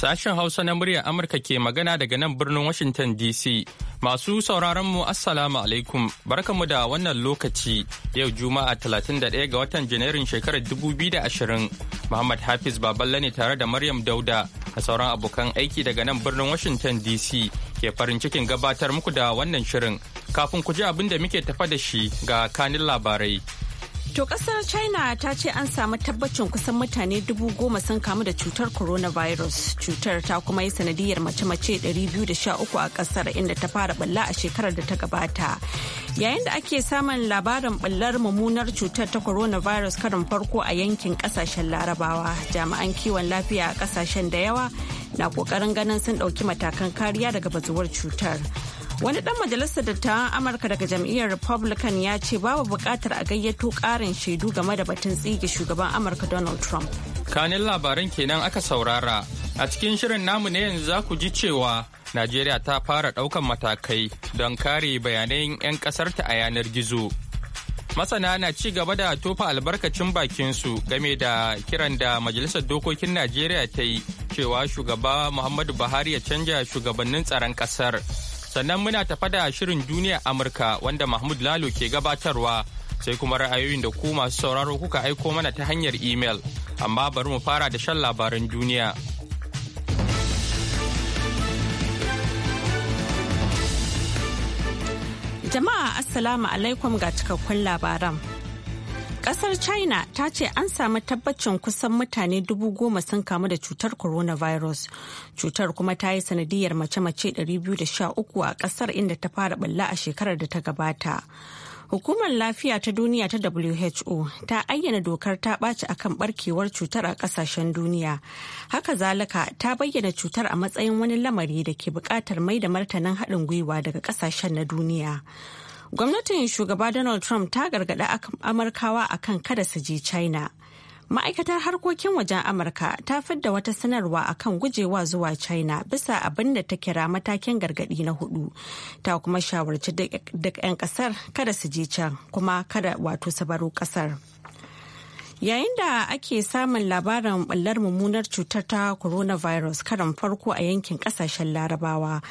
Sashen Hausa na muryar Amurka ke magana daga nan birnin Washington DC. Masu sauraron mu Assalamu alaikum, barkamu da wannan lokaci yau Juma'a 31 ga watan Janairun shekarar 2020. Muhammad Hafiz Baballe ne tare da Maryam Dauda a sauran abokan aiki daga nan birnin Washington DC ke farin cikin gabatar muku da wannan shirin. Kafin ku ji abin da muke tafa da shi ga kanin labarai. To kasar China ta ce an samu tabbacin kusan mutane dubu goma sun kamu da cutar coronavirus. Cutar ta kuma yi sanadiyar mace-mace 213 a kasar inda ta fara balla a shekarar da ta gabata. Yayin da ake samun labarin ballar mummunar cutar ta coronavirus karin farko a yankin kasashen larabawa, jami'an kiwon lafiya a kasashen da yawa na ƙoƙarin ganin sun ɗauki matakan kariya daga bazuwar cutar. Wani ɗan majalisar dattawan Amurka daga jam'iyyar Republican ya ce babu bukatar a gayyato ƙarin shaidu game da batun tsige shugaban Amurka Donald Trump. Kanin labaran kenan aka saurara. A cikin shirin namu ne yanzu za ku ji cewa Najeriya ta fara ɗaukan matakai don kare bayanan 'yan ƙasarta a yanar gizo. Masana na ci gaba da tofa albarkacin bakinsu game da kiran da Majalisar Dokokin Najeriya ta yi cewa shugaba Muhammadu Buhari ya canja shugabannin tsaron ƙasar. sannan muna tafa da shirin duniya amurka wanda mahmud lalo ke gabatarwa sai kuma ra'ayoyin da ku masu sauraro kuka aiko mana ta hanyar imel amma bari mu fara da shan labaran duniya jama'a assalamu alaikum ga cikakkun labaran Kasar China ta ce an samu tabbacin kusan mutane dubu goma sun kamu da cutar coronavirus. Cutar kuma ta yi sanadiyar mace-mace 213 a kasar inda ta fara balla a shekarar da ta gabata. Hukumar Lafiya ta Duniya ta WHO ta ayyana dokar ta ɓaci akan barkewar cutar a ƙasashen duniya. Haka zalika ta bayyana cutar a matsayin wani lamari da ke buƙatar mai da martanin haɗin gwiwa daga ƙasashen na duniya. Gwamnatin shugaba Donald Trump ta gargaɗi Amurkawa akan kada su je China. Ma'aikatar harkokin wajen Amurka ta fidda wata sanarwa akan gujewa zuwa China bisa abin da ta kira matakin gargaɗi na hudu. Ta kuma shawarci duk 'yan ƙasar kada su je can kuma kada wato su baro ƙasar. Yayin da ake samun labarin ɓallar mummunar cutar ta coronavirus karan farko a yankin ƙasashen larabawa.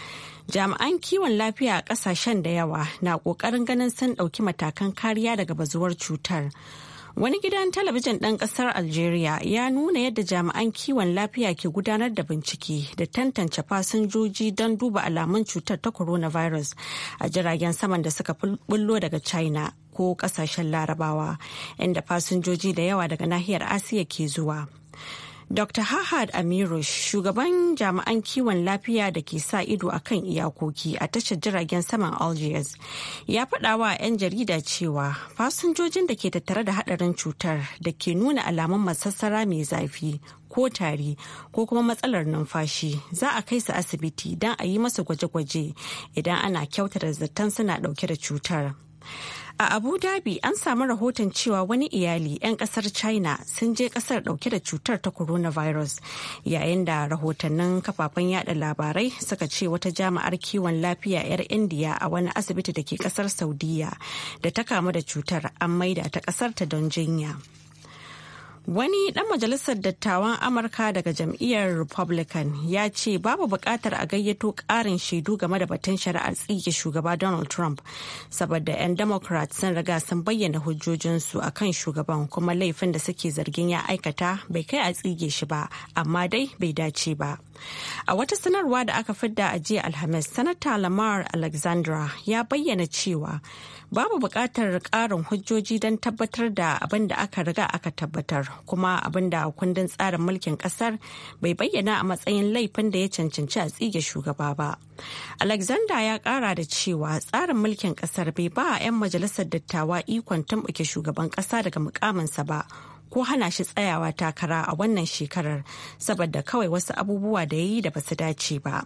jami'an kiwon lafiya a kasashen da yawa na kokarin ganin sun ɗauki matakan kariya daga bazuwar cutar wani gidan talabijin ɗan ƙasar algeria ya nuna yadda jami'an kiwon lafiya ke gudanar da bincike da tantance fasinjoji don duba alamun cutar ta coronavirus a jiragen saman da suka bullo daga china ko kasashen larabawa inda fasinjoji da yawa daga nahiyar asiya ke zuwa Dr. Hahad Amiru shugaban jami'an kiwon lafiya da ke sa ido a kan iyakoki a tashar jiragen saman Algiers ya faɗa wa 'yan jarida cewa fasinjojin da ke tattare da haɗarin cutar da ke nuna alamun masassara mai zafi ko tari ko kuma matsalar numfashi za a kai su asibiti don a yi masa gwaje-gwaje idan ana kyautata zaton suna ɗauke da cutar. A Abu Dhabi an samu rahoton cewa wani iyali 'yan kasar China sun je kasar dauke da cutar ta coronavirus yayin da rahotannin kafafen yada labarai suka ce wata jami'ar kiwon lafiya 'yar Indiya a wani asibiti da ke kasar Saudiya da ta kamu da cutar an maida ta kasarta don jinya. Wani ɗan majalisar dattawan Amurka daga jam'iyyar Republican ya ce babu buƙatar a gayyato ƙarin shaidu game da batun shari'ar tsige shugaba Donald Trump, saboda 'yan Democrat sun riga sun bayyana hujjojinsu a kan shugaban kuma laifin da suke zargin ya aikata bai kai a tsige shi ba, amma dai bai dace ba. A wata sanarwa da aka fidda a jiya Alhamis, Sanata Lamar Alexandra ya bayyana cewa babu buƙatar ƙarin hujjoji don tabbatar da abin da aka riga aka tabbatar kuma abin da kundin tsarin mulkin ƙasar bai bayyana a matsayin laifin da ya cancanci a tsige shugaba ba. Alexander ya ƙara da cewa tsarin mulkin ƙasar bai ba a 'yan majalisar dattawa ikon tumɓuke shugaban ƙasa daga mukaminsa ba ko hana shi tsayawa takara a wannan shekarar saboda kawai wasu abubuwa da ya yi da basu dace ba.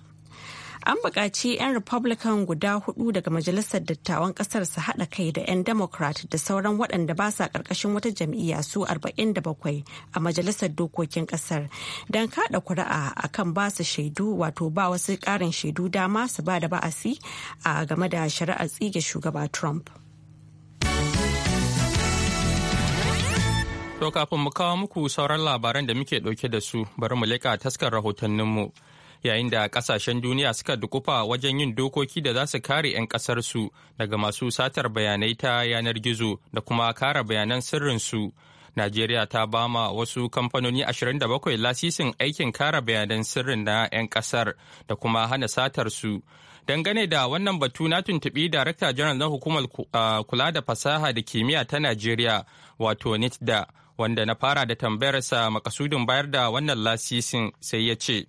An buƙaci 'yan Republican guda hudu daga Majalisar Dattawan ƙasar su haɗa kai da 'yan Democrat da sauran waɗanda ba sa ƙarƙashin wata jam'iyya su 47 a Majalisar Dokokin ƙasar don kaɗa kuri'a a kan ba su shaidu wato ba wasu ƙarin shaidu dama su ba da ba'asi a game da shari'ar tsige shugaba Trump. To kafin mu kawo muku sauran labaran da muke ɗauke da su bari mu leƙa taskar rahotanninmu. Yayin da ƙasashen duniya suka dukufa wajen yin dokoki da za su kare 'yan ƙasarsu daga masu satar bayanai ta yanar gizo da kuma kare bayanan sirrinsu. Najeriya ta bama wasu kamfanoni 27 lasisin aikin kare bayanan sirrin na 'yan ƙasar da kuma hana satar su dangane da wannan batu na tuntubi darakta janar na hukumar ah, kula da fasaha da kimiyya ta najeriya wato nitda wanda na fara da tambayarsa makasudin bayar da wannan lasisin sai ya ce.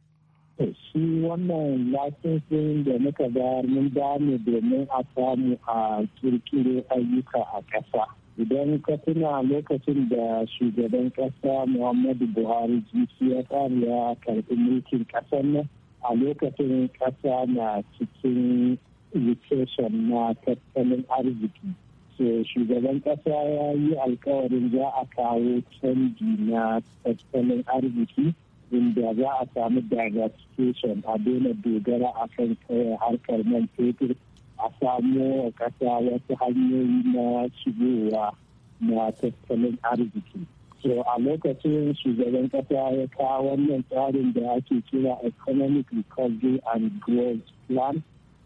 Shi wannan lasisin da muka bayar mun ba mu domin a samu a kirkiro ayyuka a ƙasa. Idan ka tuna lokacin da shugaban ƙasa Muhammadu Buhari jiki ya ya karɓi mulkin ƙasar nan a lokacin ƙasa na cikin recession na tattalin arziki. shugaban kasa ya yi alkawarin za a kawo canji na tattalin arziki inda za a samu diversification a daina dogara a kan harkar man fetur a samu kasa wasu hanyoyi na shigowa na tattalin arziki so a lokacin shugaban kasa ya kawo wannan tsarin da ake kira economic recovery and growth plan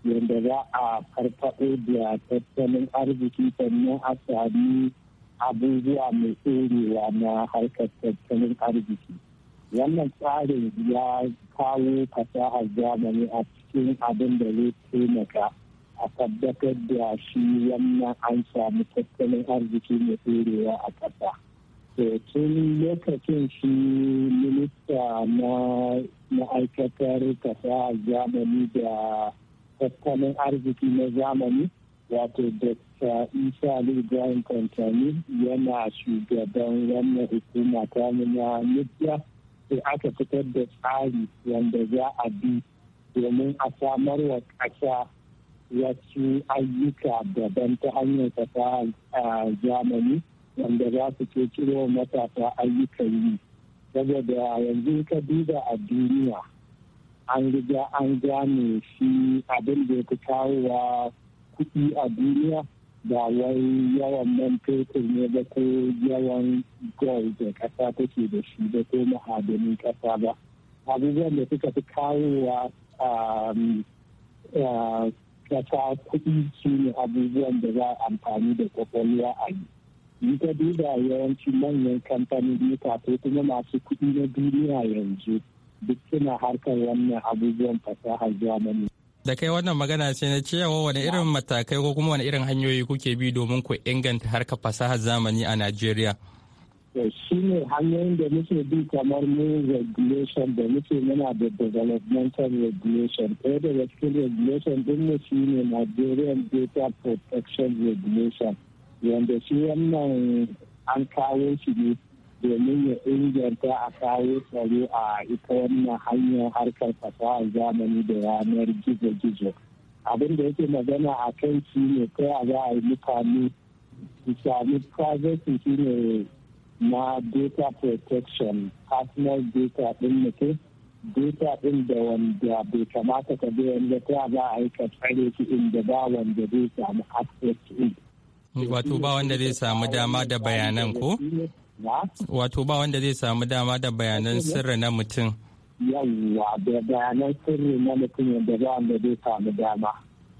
yadda za a farfaɗo da tattalin arziki sannan a sami abubuwa mai ɗorewa na harkar tattalin arziki wannan tsarin ya kawo fasahar zamani a cikin abin da zai taimaka a tabbatar da shi wannan an samu tattalin arziki mai ɗorewa a ƙasa. tun lokacin shi minista na ma'aikatar fasahar zamani da tattalin arziki na zamani wato dr isa ali ibrahim yana shugaban wannan hukuma ta na nufiya sai aka fitar da tsari wanda za a bi domin a samar wa ƙasa wasu ayyuka daban ta hanyar fasaha a zamani wanda za su ke ciro matasa ayyukan yi saboda yanzu ka duba a duniya an riga an gane shi abin da ya fi kawowa kuɗi a duniya ba wai yawan man fetur ne ba ko yawan gold da ƙasa take da shi ba ko ma'adanin ƙasa ba abubuwan da suka fi kawowa um, uh, ƙasa kuɗi su ne abubuwan da za a amfani da kwakwalwa a yi yi ta duba yawancin manyan kamfanoni ko kuma masu kuɗi na duniya yanzu duk suna harkar wannan abubuwan fasahar zamani. Da kai wannan magana ce na cewa wani irin matakai ko kuma wani irin hanyoyi kuke bi domin ku inganta harkar fasahar zamani a Najeriya? Shi ne hanyoyin da muke bi kamar mu regulation da muke muna da developmental regulation. Ɗaya daga cikin regulation mu shi ne Nigerian Data Protection Regulation. Wanda shi wannan an kawo shi ne domin ya inganta a kawo tsaro a ita wannan hanyar harkar fasahar zamani da yanar gizo-gizo abin da yake magana a kan shi ne ta a za a yi mutane su sami privacy shi ne na data protection personal data din mutum data din da wanda bai kamata ka bi wanda ta za a yi ka tsare shi inda ba wanda zai samu access to wato ba wanda zai samu dama da bayanan ko Wato ba wanda zai samu dama da bayanan sirri na mutum. Yawwa da bayanan sirri na mutum da ba wanda zai samu dama.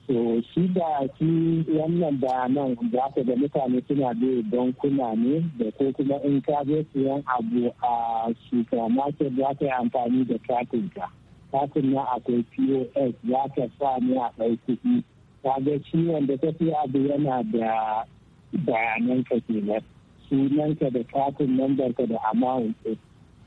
So shi da shi wannan bayanan za ka ga mutane suna da kuna ne da ko kuma in ka zo siyan abu a supermarket za ka yi amfani da ka Katin na akwai POS za ka sa ni a ɗau kuɗi. Ka ga shi wanda ka abu yana da bayanan ka kenan. sunanka da katin membarka da amount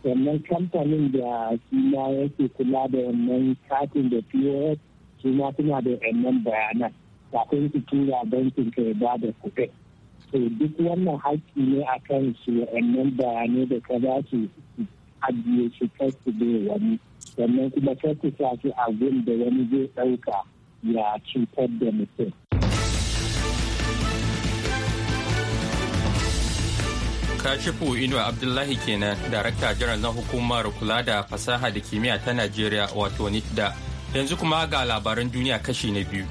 sannan kamfanin da suna yake kula da wannan katin da pos suna suna da wannan bayanan kafin su tura bankin ka ya ba kuɗi to duk wannan haƙƙi ne a kan su wannan bayanai da ka za su ajiye shi kar su wani sannan kuma kar su sa su a gun da wani zai ɗauka ya cutar da mutum kashifu inuwa abdullahi kenan darakta jiran na hukumar kula da fasaha da kimiyya ta najeriya wato nitda yanzu kuma ga labaran duniya kashi na biyu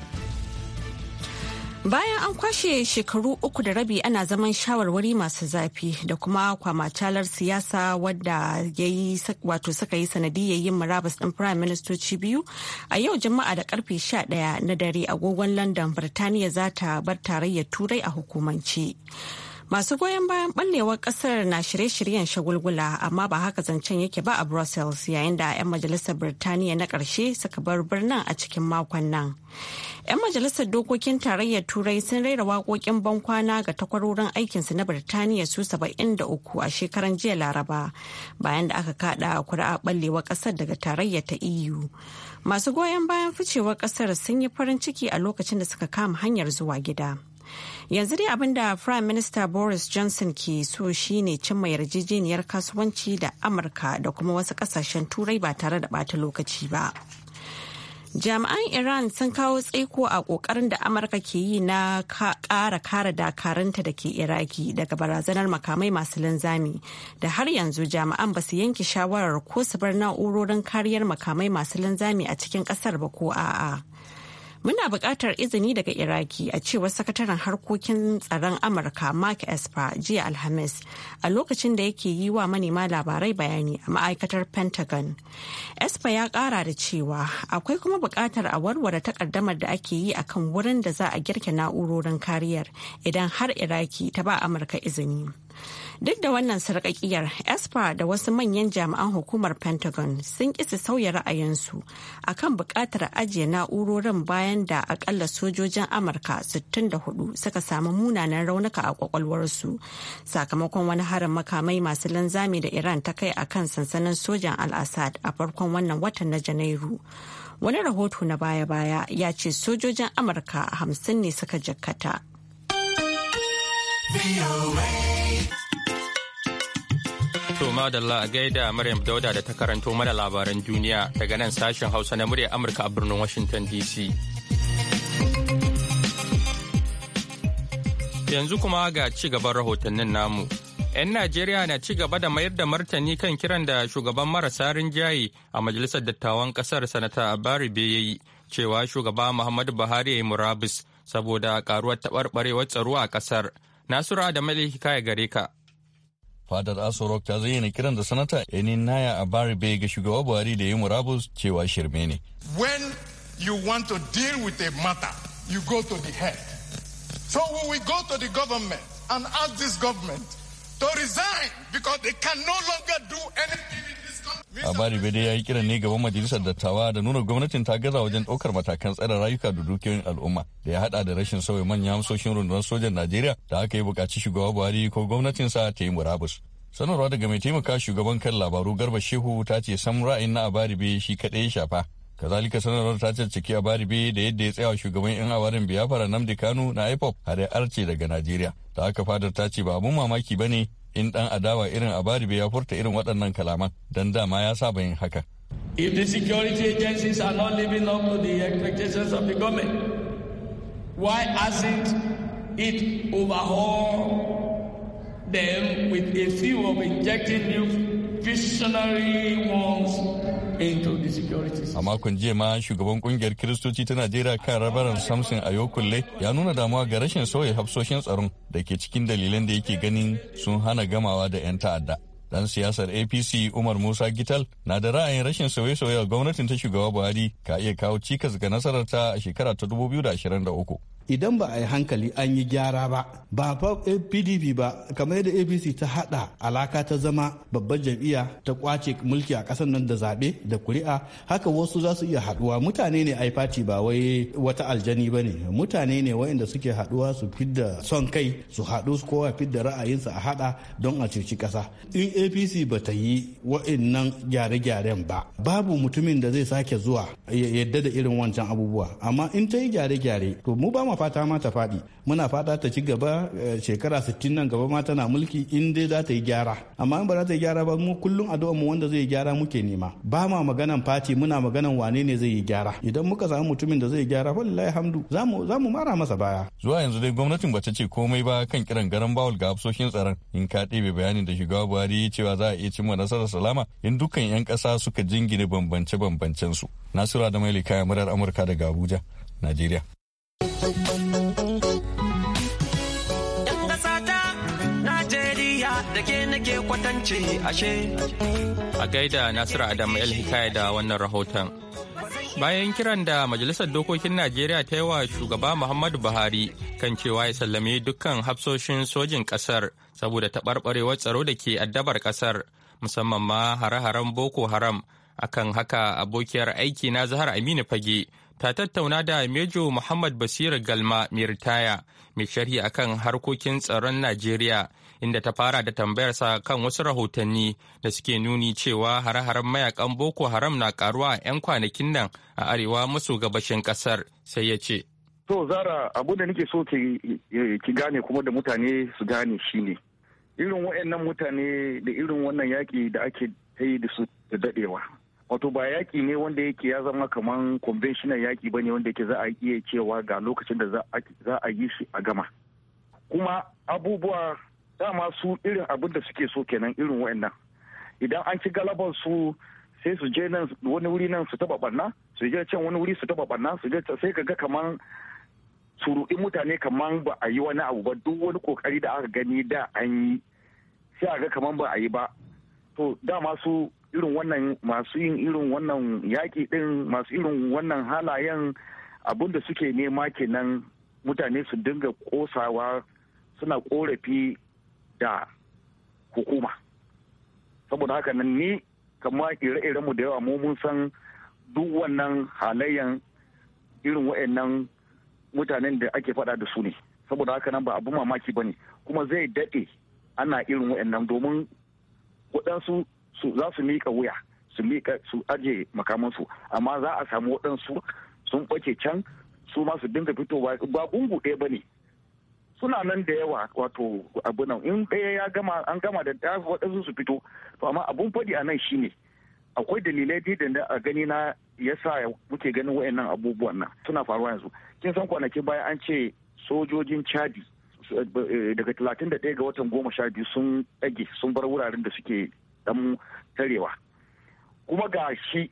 bayan an kwashe shekaru uku da rabi ana zaman shawarwari masu zafi da kuma kwamacalar siyasa wadda ya yi wato suka yi sanadiyar yin murabus ɗin prime ministoci biyu a yau jama'a da karfe 11 na dare agogon london birtaniya za ta bar tarayyar turai a hukumance Masu goyon bayan ɓallewar ƙasar na shirye-shiryen shagulgula amma ba haka zancen yake ba a Brussels yayin da 'yan majalisar Birtaniya na ƙarshe suka bar birnin a cikin makon nan. 'Yan majalisar dokokin tarayyar Turai sun raira waƙoƙin bankwana ga takwarorin aikinsu na Birtaniya su saba'in da uku a shekaran jiya Laraba bayan da aka kada kuri'a ɓallewar ƙasar daga tarayyar ta EU. Masu goyon bayan ficewar ƙasar sun yi farin ciki a lokacin da suka kama hanyar zuwa gida. yanzu dai abin da prime minister boris johnson ke so shine cimma yarjejeniyar kasuwanci da amurka da kuma wasu kasashen turai ba tare da bata lokaci ba jami'an iran sun kawo tsaiko a kokarin da amurka ke yi na kara kara dakaranta da ke iraki daga barazanar makamai masu linzami da har yanzu jami'an ba su yanke shawarar ko su bar na'urorin kariyar makamai masu linzami a cikin kasar ba ko a'a. Muna buƙatar izini daga Iraki a cewar sakataren harkokin tsaron Amurka Mark Esper jiya Alhamis a lokacin da yake yi wa manema labarai bayani a ma'aikatar Pentagon. Esper ya ƙara da cewa akwai kuma buƙatar a warware takaddamar da ake yi a kan wurin da za a girke na'urorin kariyar idan har Iraki ta ba Amurka izini. Duk da wannan sarƙaƙiyar, ESPA da wasu manyan jami'an hukumar Pentagon sun ƙi su sauya ra'ayinsu a kan buƙatar ajiye na'urorin bayan da akalla sojojin Amurka 64 suka samu munanan raunuka a kwakwalwarsu sakamakon wani harin makamai masu linzami da Iran ta kai a kan sansanin sojan Al-Assad a farkon wannan watan na Janairu. Wani rahoto na baya-baya ya ce sojojin Amurka 50 ne suka jikkata. To madalla a gaida Maryam Dauda da ta karanto mana labaran duniya daga nan sashen Hausa na murya Amurka a birnin Washington DC. Yanzu kuma ga ci gaban rahotannin namu. 'Yan Najeriya na ci gaba da mayar da martani kan kiran da shugaban marasa rinjaye a Majalisar Dattawan Ƙasar Sanata Abari ya yi cewa shugaba Muhammadu Buhari ya yi murabus saboda karuwar taɓarɓarewar tsaro a ƙasar. Nasura da Malik kaya gare ka. fadar asorok ta zayyana kiran da sanata enin naya a ga shugaba buhari da murabus cewa shirme ne when you want to deal with a matter you go to the head so when we go to the government and ask this government to resign because they can no longer do anything Abari Bede ya yi kiran ne gaban majalisar dattawa da nuna gwamnatin ta gaza wajen ɗaukar matakan tsare rayuka da dukiyoyin al'umma da ya hada da rashin sauya manyan amsoshin rundunar sojan Najeriya da aka yi bukaci shugaba Buhari ko gwamnatin sa ta yi murabus. Sanarwa daga mai taimaka shugaban kan labaru Garba Shehu ta ce sam ra'ayin na be shi kaɗai ya shafa. Kazalika sanarwar ta caccaki Abaribe da yadda ya tsaya shugaban 'yan awarin biyafara Namdi Kanu na IPOP har ya arce daga Najeriya. Da aka fadar ta ce ba abun mamaki ba ne in dan adawa irin abaribe ya furta irin waɗannan kalaman don dama ya saba yin haka. If the security agencies are not living up to the expectations of the government, why hasn't it overhaul them with a few of injecting new visionary ones A makon jiya ma shugaban kungiyar Kiristoci ta Najeriya kan rabaran Samson Ayokulle ya nuna damuwa ga rashin sauya hafsoshin tsaron da ke cikin dalilan da yake ganin sun hana gamawa da 'yan ta'adda. dan siyasar apc umar musa gital na da ra'ayin rashin sauye-sauye a gwamnatin ta shugaba buhari ka iya kawo cikas ga nasararta a shekara ta 2023 idan ba a yi hankali an yi gyara ba ba fa pdp ba kamar yadda apc ta hada alaka ta zama babbar jam'iyya ta kwace mulki a kasar nan da zaɓe da kuri'a haka wasu za su iya haduwa mutane ne ai fati ba wai wata aljani ba ne mutane ne waɗanda suke haduwa su fidda son kai su haɗu su kowa fidda ra'ayinsa a hada don a cuci ƙasa in apc ba ta yi waɗannan gyare-gyaren ba babu mutumin da zai sake zuwa ya yadda da irin wancan abubuwa amma in ta yi gyare-gyare to mu ba mu fata ma ta faɗi muna fata ta ci gaba eh, shekara 60 nan gaba ma tana mulki in dai za ta yi gyara amma in ba za ta yi gyara ba mu kullum addu'a mu wanda zai yi gyara muke nema ba ma maganan fati muna maganan wane ne zai yi gyara idan muka samu mutumin da zai gyara wallahi hamdu zamu zamu mara masa baya zuwa yanzu dai gwamnatin bata ce komai ba kan kiran garan bawul ga hafsoshin tsaron in ka ɗebe bayanin da shugaba Buhari ya cewa za a iya cimma nasarar salama in dukkan 'yan kasa suka jingine bambance-bambancen su Nasiru Adamaili kayan murar Amurka daga Abuja, Najeriya. Yan ƙasa ta Najeriya nake kwatance ashe. A gaida Nasiru Adamu El Hikaya da wannan rahoton. Bayan kiran da Majalisar Dokokin Najeriya ta yi wa shugaba Muhammadu Buhari kan cewa ya sallame dukkan hafsoshin sojin ƙasar saboda taɓarɓarewar tsaro da ke addabar ƙasar musamman ma hare-haren Boko Haram akan haka abokiyar aiki na Zahar Aminu Fage ta tattauna da Mejo Muhammad basir Galma mai ritaya mai sharhi akan harkokin tsaron Najeriya inda ta fara da tambayarsa kan wasu rahotanni da suke nuni cewa hare-haren mayakan Boko Haram na karuwa a 'yan kwanakin nan a arewa maso gabashin kasar sai ya ce. To Zara abu da nake so ki gane kuma da mutane su gane shine irin waɗannan mutane da irin wannan yaki da ake ta yi da su da daɗewa wato ba yaƙi ne wanda yake ya zama kamar conventional yaƙi ba ne wanda yake za a iya cewa ga lokacin da za a yi shi a gama kuma abubuwa dama su irin abin da suke so kenan irin wa'annan idan an ci galabar su sai su je nan wani wuri nan su taba barna su je can wani wuri su taba barna su je sai ka ga kamar surudi mutane kamar ba a yi wani abu ba duk wani kokari da aka gani da an yi sai a ga kamar ba a yi ba to dama su irin wannan masu yin irin wannan yaƙi ɗin masu irin wannan halayen abin da suke nema kenan mutane su dinga ƙosawa suna ƙorafi da hukuma saboda haka nan ni kama ire-iren mu da yawa mu mun san duk wannan halayen irin wa'annan mutanen da ake faɗa da su ne saboda haka nan ba abu mamaki ba ne kuma zai daɗe ana irin wa'annan domin waɗansu za su miƙa wuya su miƙa su aje makamansu amma za a samu waɗansu sun ɓace can su ma su dinga fitowa ba bungu ɗaya ba ne suna nan da yawa wato abu nan in ɗaya ya gama an gama da ɗaya waɗansu su fito to amma abun faɗi a nan shine akwai dalilai da a gani na yasa muke ganin waɗannan abubuwan nan suna faruwa yanzu kin san kwanaki baya an ce sojojin chadi eh, daga ɗaya ga watan goma sha biyu sun ɗage sun bar wuraren da suke dan tarewa kuma ga shi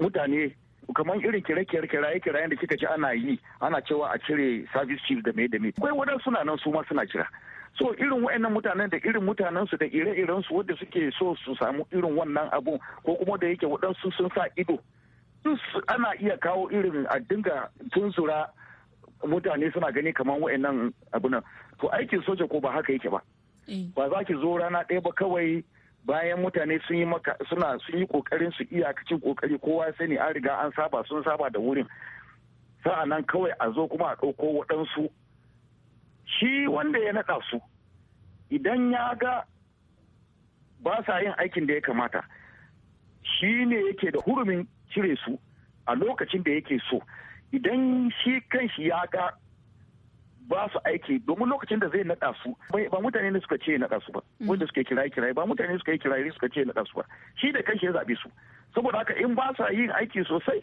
mutane kamar irin kire-kire kiraye kirayen da kika ci ana yi ana cewa a cire service chief da mai da mai akwai wadansu suna nan su ma suna jira so irin wayannan mutanen da irin mutanen su da ire-iren su wanda suke so su samu irin wannan abun ko kuma da yake wadansu sun sa ido ana iya kawo irin a dinga tunzura mutane suna gani kamar wayannan abunan to aikin soja ko ba haka yake ba eh. ba za ki zo rana ɗaya ba kawai bayan mutane sun yi maka suna sun yi kokarin su iyakacin kokari kowa sani an riga an saba sun saba da wurin sa'annan kawai a zo kuma a ɗauko waɗansu shi wanda ya naɗa su idan ya ga ba sa yin aikin da ya kamata shi ne yake da hurumin cire su a lokacin da yake so idan shi kanshi ya ga ba su aiki domin lokacin da zai naɗa su ba mutane ne suka ce naɗa su ba mm. wanda suka kiraye kiraye ba mutane suka yi kiraye suka ce naɗa su ba shi da kanshi ya zaɓe su saboda haka in ba sa yin aiki sosai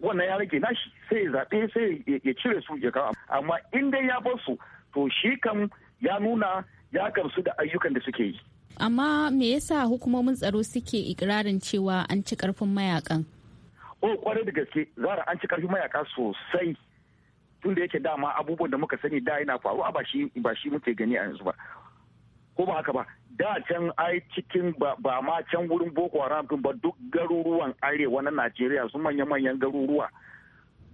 wannan ya rage nashi sai ya zaɓe sai ya cire su ya kawo amma in dai ya bar su to shi kan ya nuna ya gamsu da ayyukan da suke yi. Amma me yasa hukumomin tsaro suke ikirarin cewa an ci karfin mayakan? O oh, kwarai da gaske zara an ci karfin mayaka sosai tunda yake dama abubuwan da muka sani da yana faruwa ba shi ba shi muke gani a yanzu ba ko ba haka ba da can ai cikin ba ma can wurin boko haram ba duk garuruwan arewa na najeriya su manya-manyan garuruwa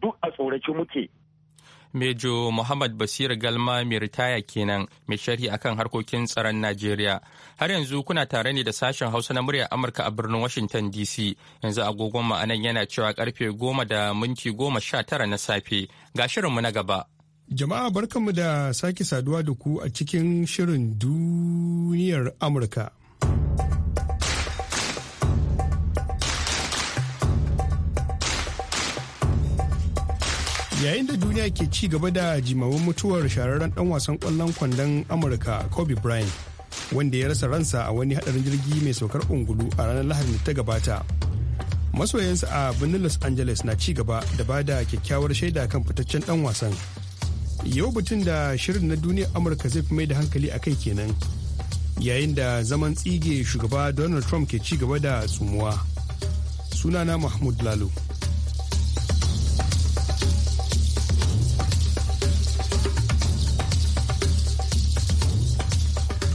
duk a tsorace muke Mejo Muhammad Basir Galma mai ritaya kenan mai sharhi kan harkokin tsaron Najeriya. Har yanzu kuna tare ne da sashen Hausa na muryar Amurka a birnin Washington DC. Yanzu agogon ma'anan yana cewa karfe goma da minti goma sha tara na safe. Ga shirinmu na gaba. Jama'a barkanmu da sake saduwa da ku a cikin shirin duniyar Amurka. yayin da duniya ke ci gaba da jimamin mutuwar shahararren dan wasan kwallon kwandon amurka kobe bryant wanda ya rasa ransa a wani hadarin jirgi mai saukar ungulu a ranar lahadi ta gabata masoyansa a birnin los angeles na ci gaba da ba da kyakkyawar shaida kan fitaccen dan wasan yau batun da shirin na duniya amurka zai fi mai da hankali a kai kenan yayin da zaman tsige shugaba donald trump ke ci gaba da tsumuwa sunana mahmud lalo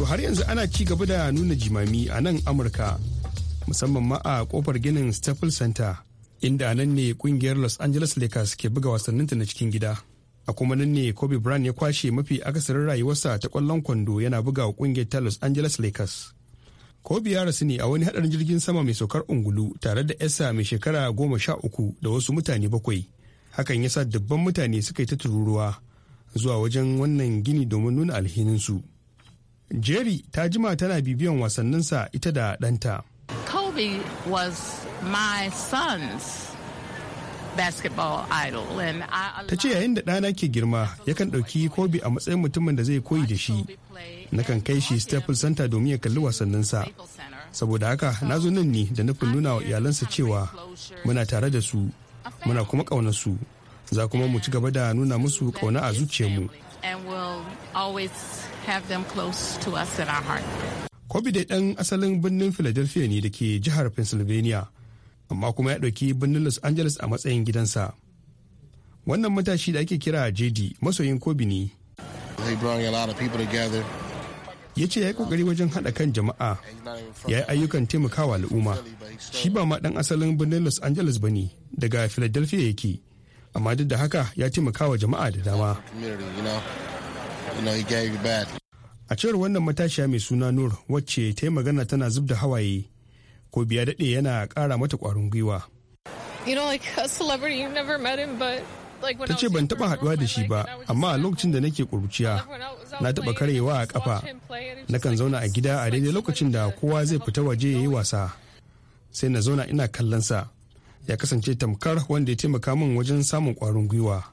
har yanzu ana ci gaba da nuna jimami a nan amurka musamman ma a kofar ginin staple center inda nan ne kungiyar los angeles lakers ke buga wasanninta na cikin gida a kuma nan ne kobe bryant ya kwashe mafi akasarin rayuwarsa ta kwallon kwando yana buga wa kungiyar ta los angeles lakers kobe ya rasu ne a wani hadarin jirgin sama mai saukar ungulu tare da esa mai shekara goma sha uku da wasu mutane bakwai hakan ya sa dubban mutane suka yi ta tururuwa zuwa wajen wannan gini domin nuna alhininsu jerry ta jima tana bibiyan wasanninsa ita da ɗanta kobe was my son's basketball idol Ta ce yayin da ɗana ke girma yakan ɗauki Kobe a matsayin mutumin da zai koyi da shi. Nakan kai shi Staples Center domin ya kalli wasanninsa. Saboda haka na zo nan ne da nufin nuna wa iyalansa cewa muna tare da su, muna kuma ƙaunar su. Za kuma mu ci gaba da nuna musu ƙauna a zuciyarmu. mu. have them close to us in our heart. Kobe dai ɗan asalin birnin Philadelphia ne da ke jihar Pennsylvania, amma kuma ya ɗauki birnin Los Angeles a matsayin gidansa. Wannan matashi da ake kira JD masoyin Kobe ne. ya ce ya yi kokari wajen haɗa kan jama'a ya yi ayyukan taimakawa al'umma shi ba ma ɗan asalin birnin los angeles ba ne daga philadelphia yake amma duk da haka ya taimakawa jama'a da dama A cewar wannan matashiya mai suna Nur wacce ta yi magana tana zub da hawaye ko biya daɗe yana ƙara mata ƙwarin gwiwa. Ta ce ban taɓa haɗuwa da shi ba, amma a lokacin da nake ƙuruciya na taɓa karyewa a ƙafa. Nakan zauna a gida a daidai lokacin da kowa zai fita waje ya yi wasa. Sai na zauna ina kallonsa. Ya kasance tamkar wanda ya taimaka min wajen samun ƙwarin gwiwa.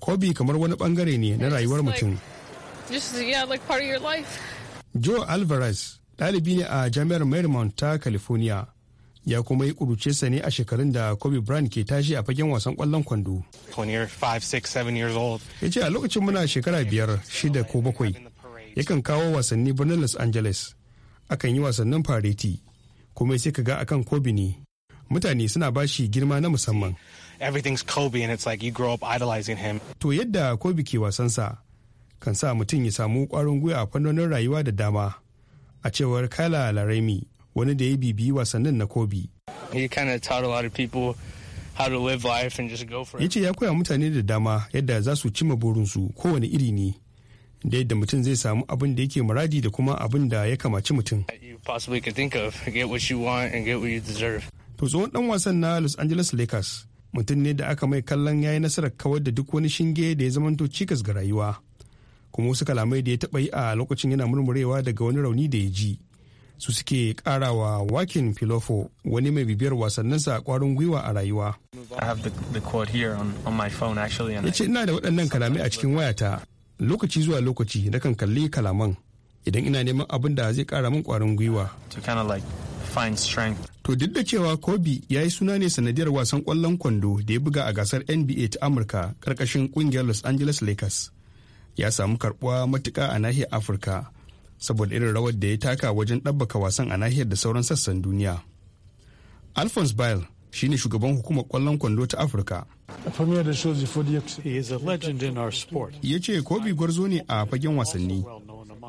Kobi kamar wani ɓangare ne na rayuwar mutum. just yeah like part of your life Joe Alvarez ɗalibi ne a jami'ar Marymount ta California ya kuma yi kuruce sa ne a shekarun da Kobe Bryant ke tashi a fagen wasan kwallon kwando. Ya ce a lokacin muna shekara biyar shida ko bakwai yakan kawo wasanni birnin Los Angeles akan yi wasannin fareti kuma sai ka ga akan Kobe ne mutane suna ba shi girma na musamman. Everything's Kobe and him. To yadda Kobe ke wasansa kan sa mutum ya samu kwarin gwiwa a fannonin rayuwa da dama a cewar kala laremi wani da ya bibiyi wasannin na kobi ya ce ya koya mutane da dama yadda za su cima burinsu kowane iri ne da yadda mutum zai samu abin da yake muradi da kuma abin da ya kamaci mutum to tsohon dan wasan na los angeles lakers mutum ne da aka mai kallon ya yi nasarar kawar da duk wani shinge da ya zamanto cikas ga rayuwa kuma wasu kalamai da ya taɓa yi a lokacin yana murmurewa daga wani rauni da ya ji su suke karawa wakin filofo wani mai bibiyar wasanninsa kwarin gwiwa a rayuwa ya ce ina da waɗannan kalamai a cikin wayata lokaci zuwa lokaci na kan kalli kalaman idan ina neman abin da zai kara min kwarin gwiwa to duk da cewa kobe ya yi suna ne sanadiyar wasan kwallon kwando da ya buga a gasar nba ta amurka karkashin kungiyar los angeles lakers ya samu karbuwa matuka a nahiyar afirka saboda irin rawar da ya taka wajen ɗabbaka wasan a nahiyar da sauran sassan duniya alphonse bile ne shugaban hukumar kwallon kwando ta afirka ya ce kobi gwarzo ne a fagen wasanni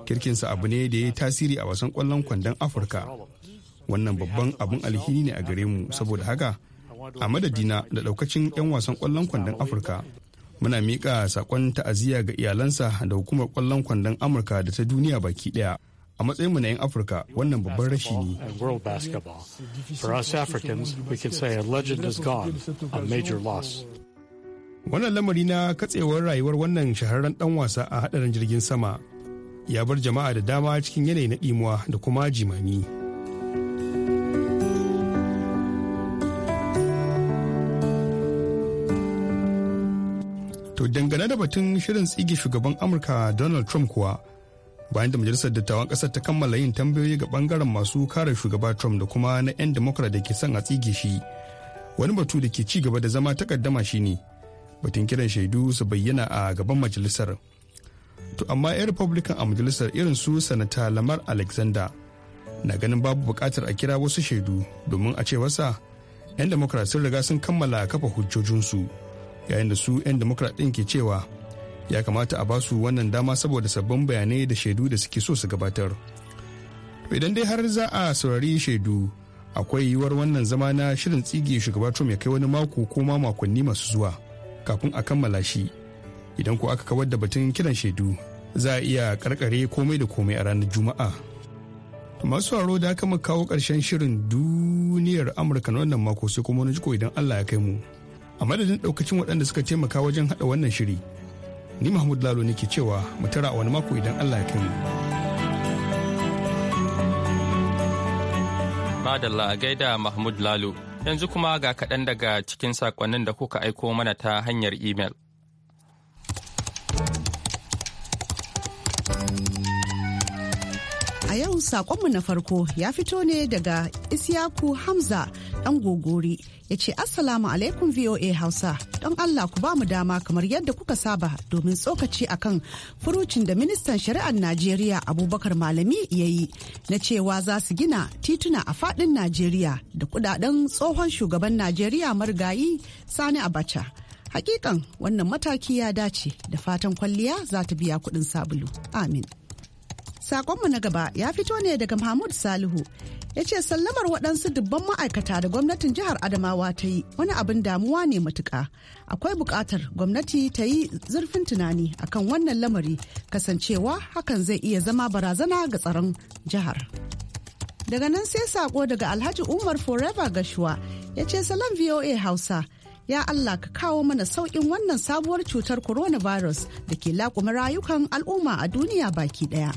kirkinsa abu ne da ya yi tasiri a wasan kwallon kwandon afirka wannan babban abin alhini ne a gare mu saboda haka a madadina da daukacin 'yan wasan kwallon kwandon afirka muna miƙa sakon ta'aziyya ga iyalansa da hukumar ƙwallon kwandon amurka da ta duniya baki ɗaya a matsayin mu na 'yan afirka wannan babban rashi ne wannan lamari na katsewar rayuwar wannan shahararren dan wasa a hadarin jirgin sama ya bar jama'a da dama cikin yanayi na ɗimuwa da kuma jimami. To dangane da batun shirin tsige shugaban Amurka Donald Trump kuwa bayan da majalisar dattawan kasar ta kammala yin tambayoyi ga bangaren masu kare shugaba Trump da kuma na 'yan Democrat da ke son a tsige shi. Wani batu da ke ci gaba da zama takaddama shi ne batun kiran shaidu su bayyana a gaban majalisar. To amma 'yan Republican a majalisar irin su Sanata Lamar Alexander na ganin babu bukatar a kira wasu shaidu domin a ce 'yan Democrat sun riga sun kammala kafa hujjojinsu. yayin da su 'yan democrat ɗin ke cewa ya kamata a basu wannan dama saboda sabbin bayanai da shaidu da suke so su gabatar idan dai har za a saurari shaidu akwai yiwuwar wannan zama na shirin tsige shugaba trump ya kai wani mako ko ma makonni masu zuwa kafin a kammala shi idan ko aka kawar da batun kiran shaidu za a iya karkare komai da komai a ranar juma'a masu haro da aka kawo karshen shirin duniyar amurka na wannan mako sai kuma wani jiko idan allah ya kai mu a madadin daukacin waɗanda suka taimaka wajen haɗa wannan shiri ni mahmud lalo ne ke cewa mu tara a wani mako idan allah ya kai mu madalla a gaida mahmud lalo yanzu kuma ga kaɗan daga cikin saƙonnin da kuka aiko mana ta hanyar imel. yau sakonmu na farko ya fito ne daga Isyaku Hamza ɗan gogori ya ce Assalamu alaikum VOA Hausa don Allah ku ba mu dama kamar yadda kuka saba domin tsokaci akan furucin da ministan shari'ar Najeriya Abubakar Malami ya yi na cewa za su gina tituna a faɗin Najeriya da kudaden tsohon shugaban Najeriya marigayi Sani Abacha. Hakikan wannan mataki ya dace da fatan kwalliya za ta biya kudin sabulu. Amin. Sakonmu na gaba ya fito ne daga Mahmud Salihu. Ya ce sallamar waɗansu dubban ma'aikata da gwamnatin jihar Adamawa ta yi wani abin damuwa ne matuƙa. Akwai buƙatar gwamnati ta yi zurfin tunani akan wannan lamari kasancewa hakan zai iya zama barazana ga tsaron jihar. Daga nan sai saƙo daga Alhaji Umar Forever Gashua ya ce salam VOA Hausa. ya Allah ka kawo mana sauƙin wannan sabuwar cutar coronavirus da ke laƙume rayukan al'umma a duniya baki ɗaya.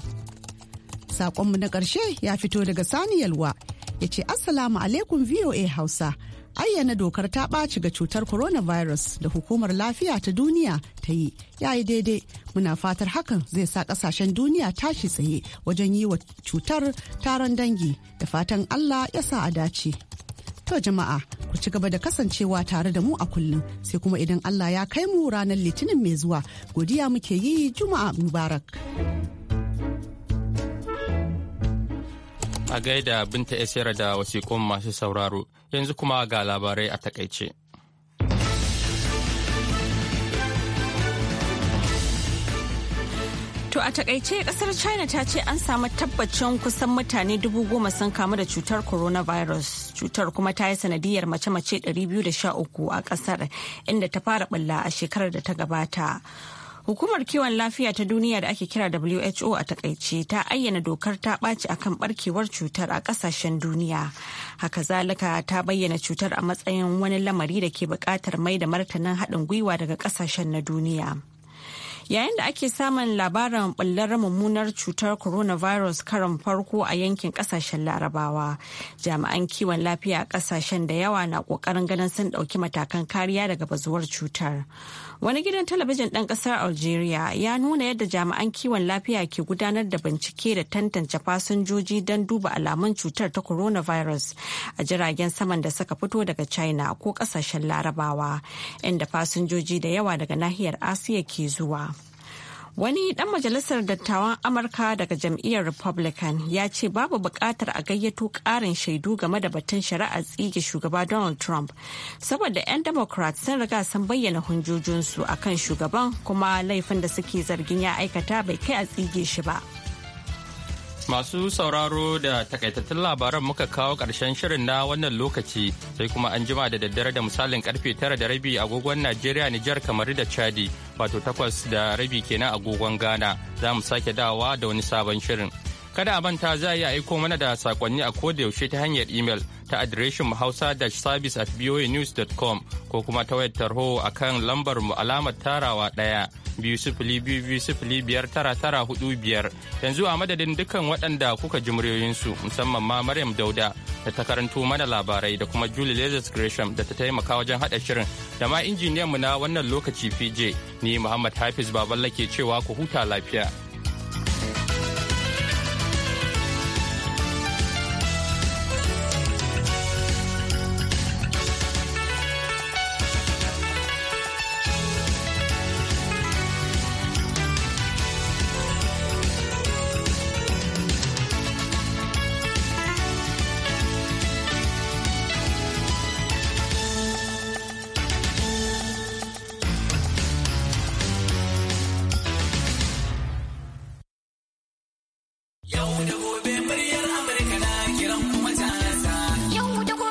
Sakonmu na ƙarshe ya fito daga Sani Yalwa ya ce Assalamu alaikum VOA Hausa. Ayyana dokar ta ɓaci ga cutar coronavirus da hukumar lafiya ta duniya ta yi ya yi daidai muna fatar hakan zai sa ƙasashen duniya tashi tsaye wajen yi wa cutar taron dangi da fatan Allah ya sa a dace. To jama'a ku ci gaba da kasancewa tare da mu a kullum sai kuma idan Allah ya kai mu ranar litinin mai zuwa godiya muke yi juma'a mubarak. A gaida Binta ya Esira da wasiƙun masu sauraro, yanzu kuma ga labarai a takaice. To a takaice kasar China ta ce an samu tabbacin kusan mutane dubu goma sun kamu da cutar coronavirus. Cutar kuma ta yi sanadiyar mace-mace 213 a kasar inda ta fara bulla a shekarar da ta gabata. Hukumar kiwon lafiya ta duniya da ake kira WHO a takaice ta ayyana dokar ta ɓaci kan barkewar cutar a ƙasashen duniya. Haka zalika ta bayyana cutar a matsayin wani lamari da ke buƙatar mai da martanin haɗin gwiwa daga ƙasashen na duniya. Yayin da ake samun labarin ɓullar mummunar cutar coronavirus karon farko a yankin ƙasashen larabawa, jami'an kiwon lafiya a kasashen da yawa na ƙoƙarin ganin sun ɗauki matakan kariya daga bazuwar cutar. Wani gidan talabijin ɗan ƙasar Algeria ya nuna yadda jami'an kiwon lafiya ke gudanar da bincike da tantance fasinjoji don duba alamun cutar ta coronavirus a jiragen saman da suka fito daga China ko ƙasashen Larabawa, inda fasinjoji da yawa daga nahiyar Asiya ke zuwa. Wani ɗan majalisar dattawan Amurka daga jam'iyyar Republican ya ce babu buƙatar a gayyato ƙarin shaidu game da batun shari'ar tsige shugaba Donald Trump, saboda 'yan Democrat sun riga sun bayyana hujjojinsu akan shugaban kuma laifin da suke zargin ya aikata bai kai a tsige shi ba. Masu sauraro da takaitattun labaran muka kawo ƙarshen shirin na wannan lokaci sai kuma an jima da daddare da misalin karfe tara da rabi agogon Najeriya Nijar kamar da Chadi wato takwas da rabi kenan agogon Ghana za mu sake dawa da wani sabon shirin. Kada a manta za a iya aiko mana da sakonni a yaushe ta hanyar email ta adireshin mu hausa service at dot com ko kuma ta wayar tarho kan lambar mu alamar tarawa ɗaya. biyu sifili biyu biyar tara tara hudu biyar yanzu a madadin dukkan waɗanda kuka ji muryoyinsu musamman ma maryam dauda da ta karanto mana labarai da kuma julie lezis gresham da ta taimaka wajen haɗa shirin da ma injiniyanmu na wannan lokaci fije ni muhammad hafiz baballa ke cewa ku huta lafiya.